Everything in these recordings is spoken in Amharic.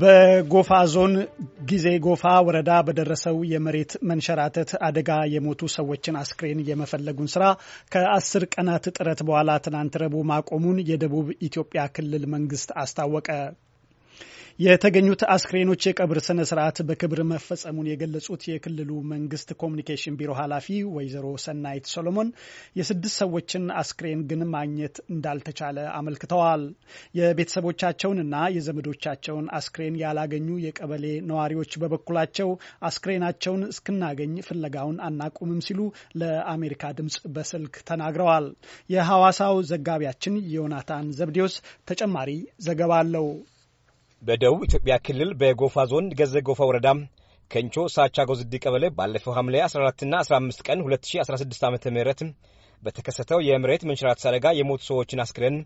በጎፋ ዞን ጊዜ ጎፋ ወረዳ በደረሰው የመሬት መንሸራተት አደጋ የሞቱ ሰዎችን አስክሬን የመፈለጉን ስራ ከአስር ቀናት ጥረት በኋላ ትናንት ረቡዕ ማቆሙን የደቡብ ኢትዮጵያ ክልል መንግስት አስታወቀ። የተገኙት አስክሬኖች የቀብር ስነ ስርዓት በክብር መፈጸሙን የገለጹት የክልሉ መንግስት ኮሚኒኬሽን ቢሮ ኃላፊ ወይዘሮ ሰናይት ሶሎሞን የስድስት ሰዎችን አስክሬን ግን ማግኘት እንዳልተቻለ አመልክተዋል። የቤተሰቦቻቸውንና የዘመዶቻቸውን አስክሬን ያላገኙ የቀበሌ ነዋሪዎች በበኩላቸው አስክሬናቸውን እስክናገኝ ፍለጋውን አናቁምም ሲሉ ለአሜሪካ ድምጽ በስልክ ተናግረዋል። የሐዋሳው ዘጋቢያችን ዮናታን ዘብዴዎስ ተጨማሪ ዘገባ አለው። በደቡብ ኢትዮጵያ ክልል በጎፋ ዞን ገዘ ጎፋ ወረዳ ከንቾ ሳቻ ጎዝዲ ቀበሌ ባለፈው ሐምሌ 14ና 15 ቀን 2016 ዓ ም በተከሰተው የመሬት መንሽራት አደጋ የሞቱ ሰዎችን አስክሬን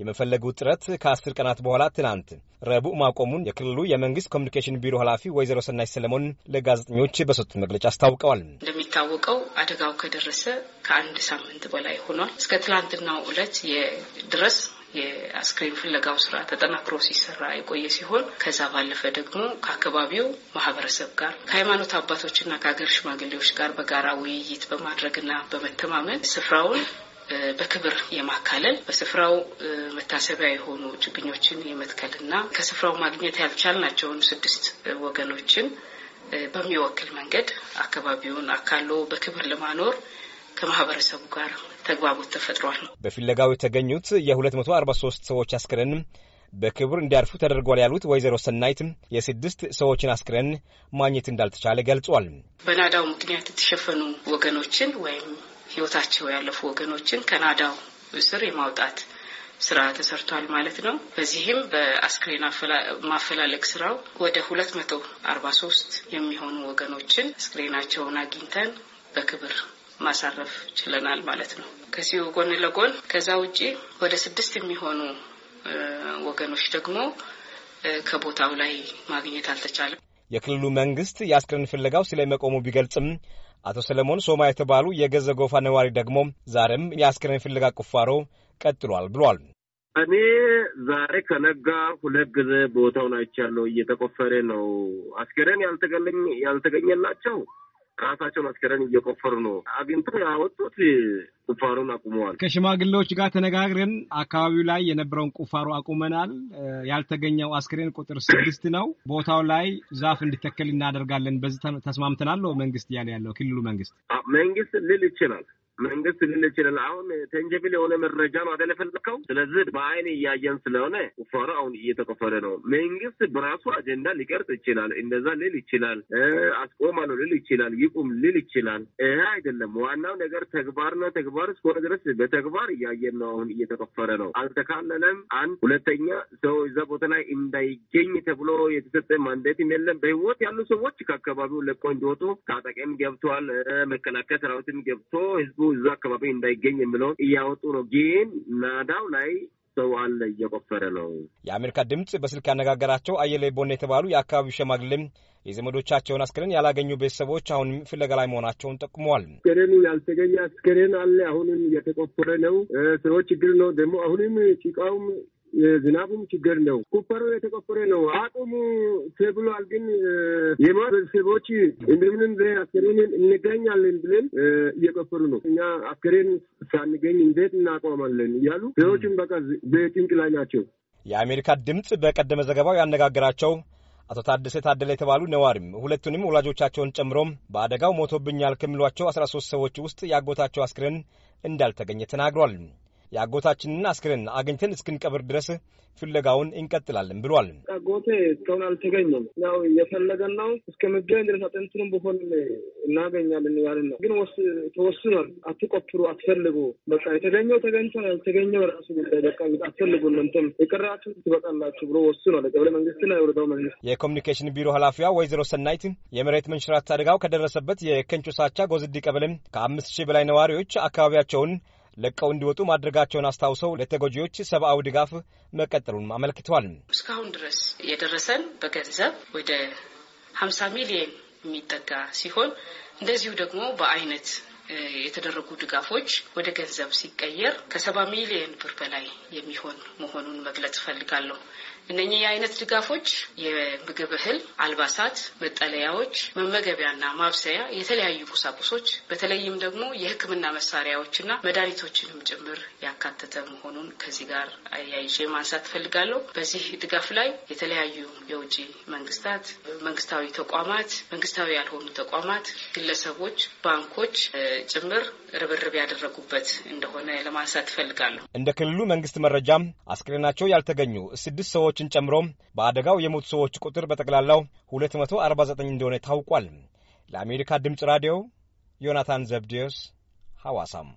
የመፈለጉ ጥረት ከአስር ቀናት በኋላ ትናንት ረቡዕ ማቆሙን የክልሉ የመንግስት ኮሚኒኬሽን ቢሮ ኃላፊ ወይዘሮ ሰናይ ሰለሞን ለጋዜጠኞች በሰጡት መግለጫ አስታውቀዋል። እንደሚታወቀው አደጋው ከደረሰ ከአንድ ሳምንት በላይ ሆኗል። እስከ ትላንትናው ዕለት ድረስ የአስክሬን ፍለጋው ስራ ተጠናክሮ ሲሰራ የቆየ ሲሆን ከዛ ባለፈ ደግሞ ከአካባቢው ማህበረሰብ ጋር ከሃይማኖት አባቶችና ከሀገር ሽማግሌዎች ጋር በጋራ ውይይት በማድረግና በመተማመን ስፍራውን በክብር የማካለል በስፍራው መታሰቢያ የሆኑ ችግኞችን የመትከልና ከስፍራው ማግኘት ያልቻልናቸውን ስድስት ወገኖችን በሚወክል መንገድ አካባቢውን አካሎ በክብር ለማኖር ከማህበረሰቡ ጋር ተግባቦት ተፈጥሯል። በፍለጋው የተገኙት የ243 ሰዎች አስክሬን በክብር እንዲያርፉ ተደርጓል ያሉት ወይዘሮ ሰናይት የስድስት ሰዎችን አስክሬን ማግኘት እንዳልተቻለ ገልጿል። በናዳው ምክንያት የተሸፈኑ ወገኖችን ወይም ህይወታቸው ያለፉ ወገኖችን ከናዳው ስር የማውጣት ስራ ተሰርቷል ማለት ነው። በዚህም በአስክሬን ማፈላለግ ስራው ወደ ሁለት መቶ አርባ ሶስት የሚሆኑ ወገኖችን አስክሬናቸውን አግኝተን በክብር ማሳረፍ ችለናል ማለት ነው። ከዚሁ ጎን ለጎን ከዛ ውጪ ወደ ስድስት የሚሆኑ ወገኖች ደግሞ ከቦታው ላይ ማግኘት አልተቻለም። የክልሉ መንግስት የአስክሬን ፍለጋው ስለመቆሙ ቢገልጽም አቶ ሰለሞን ሶማ የተባሉ የገዘ ጎፋ ነዋሪ ደግሞ ዛሬም የአስክሬን ፍለጋ ቁፋሮ ቀጥሏል ብሏል። እኔ ዛሬ ከነጋ ሁለት ጊዜ ቦታውን አይቻለሁ። እየተቆፈረ ነው። አስክሬን ያልተገኘላቸው ራሳቸውን አስከሬን እየቆፈሩ ነው። አግኝተው ያወጡት ቁፋሩን አቁመዋል። ከሽማግሌዎች ጋር ተነጋግረን አካባቢው ላይ የነበረውን ቁፋሮ አቁመናል። ያልተገኘው አስክሬን ቁጥር ስድስት ነው። ቦታው ላይ ዛፍ እንዲተከል እናደርጋለን። በዚህ ተስማምተናል። መንግስት እያለ ያለው ክልሉ መንግስት መንግስት ልል ይችላል መንግስት ሊል ይችላል። አሁን ተንጀብል የሆነ መረጃ ነው አደለ ፈልከው። ስለዚህ በአይን እያየን ስለሆነ ቁፋሮ አሁን እየተቆፈረ ነው። መንግስት በራሱ አጀንዳ ሊቀርጽ ይችላል። እንደዛ ልል ይችላል። አስቆማለሁ ልል ይችላል። ይቁም ልል ይችላል። ይሄ አይደለም ዋናው ነገር ተግባርና ተግባር እስከሆነ ድረስ በተግባር እያየን ነው። አሁን እየተቆፈረ ነው። አልተካለለም። አንድ ሁለተኛ ሰው እዛ ቦታ ላይ እንዳይገኝ ተብሎ የተሰጠ ማንዴትም የለም። በህይወት ያሉ ሰዎች ከአካባቢው ለቆ እንዲወጡ ታጠቅም ገብቷል። መከላከያ ሰራዊትም ገብቶ ህዝቡ እዛ አካባቢ እንዳይገኝ የሚለውን እያወጡ ነው። ግን ናዳው ላይ ሰው አለ እየቆፈረ ነው። የአሜሪካ ድምፅ በስልክ ያነጋገራቸው አየለ ቦነ የተባሉ የአካባቢው ሸማግሌም የዘመዶቻቸውን አስክሬን ያላገኙ ቤተሰቦች አሁንም ፍለጋ ላይ መሆናቸውን ጠቁመዋል። አስክሬኑ ያልተገኘ አስክሬን አለ፣ አሁንም እየተቆፈረ ነው። ሰዎች ችግር ነው ደግሞ አሁንም ጭቃውም የዝናቡም ችግር ነው። ኩፐሩ የተቆፈረ ነው። አቁሙ ተብሏል። ግን የማህበረሰቦች እንደምንም አስከሬን እንገኛለን ብለን እየቆፈሩ ነው። እኛ አስከሬን ሳንገኝ እንዴት እናቋማለን እያሉ ሰዎችን በቃ በጭንቅ ላይ ናቸው። የአሜሪካ ድምፅ በቀደመ ዘገባው ያነጋገራቸው አቶ ታደሰ ታደለ የተባሉ ነዋሪም ሁለቱንም ወላጆቻቸውን ጨምሮም በአደጋው ሞቶብኛል ከሚሏቸው አስራ ሶስት ሰዎች ውስጥ ያጎታቸው አስክሬን እንዳልተገኘ ተናግሯል። የአጎታችንን አስክሬን አግኝተን እስክንቀብር ድረስ ፍለጋውን እንቀጥላለን ብሏል። አጎቴ እስካሁን አልተገኘም። ያው እየፈለገን ነው። እስከምገኝ ድረስ አጥንቱንም በሆን እናገኛለን ያለን ነው። ግን ተወስኗል። አትቆፍሩ፣ አትፈልጉ። በቃ የተገኘው ተገኝቷል፣ ያልተገኘው ራሱ ጉዳይ። በቃ አትፈልጉ፣ እናንተም የቀራችሁ ትበቃላችሁ ብሎ ወስኗል። የቀበሌ መንግስትና የወረዳው መንግስት። የኮሚኒኬሽን ቢሮ ኃላፊዋ ወይዘሮ ሰናይት የመሬት መንሸራተት አደጋው ከደረሰበት የከንጮ ሳቻ ጎዝዲ ቀበሌም ከአምስት ሺህ በላይ ነዋሪዎች አካባቢያቸውን ለቀው እንዲወጡ ማድረጋቸውን አስታውሰው ለተጎጂዎች ሰብአዊ ድጋፍ መቀጠሉን አመልክተዋል። እስካሁን ድረስ የደረሰን በገንዘብ ወደ ሀምሳ ሚሊየን የሚጠጋ ሲሆን እንደዚሁ ደግሞ በአይነት የተደረጉ ድጋፎች ወደ ገንዘብ ሲቀየር ከሰባ ሚሊዮን ብር በላይ የሚሆን መሆኑን መግለጽ እፈልጋለሁ። እነኚህ የአይነት ድጋፎች የምግብ እህል፣ አልባሳት፣ መጠለያዎች፣ መመገቢያና ማብሰያ፣ የተለያዩ ቁሳቁሶች በተለይም ደግሞ የሕክምና መሳሪያዎችና መድኃኒቶችንም ጭምር ያካተተ መሆኑን ከዚህ ጋር አያይዤ ማንሳት እፈልጋለሁ። በዚህ ድጋፍ ላይ የተለያዩ የውጭ መንግስታት፣ መንግስታዊ ተቋማት፣ መንግስታዊ ያልሆኑ ተቋማት፣ ግለሰቦች፣ ባንኮች ጭምር ርብርብ ያደረጉበት እንደሆነ ለማንሳት እፈልጋለሁ። እንደ ክልሉ መንግስት መረጃ አስክሬናቸው ያልተገኙ ስድስት ሰዎችን ጨምሮ በአደጋው የሞቱ ሰዎች ቁጥር በጠቅላላው 249 እንደሆነ ታውቋል። ለአሜሪካ ድምፅ ራዲዮ ዮናታን ዘብዴዎስ ሐዋሳም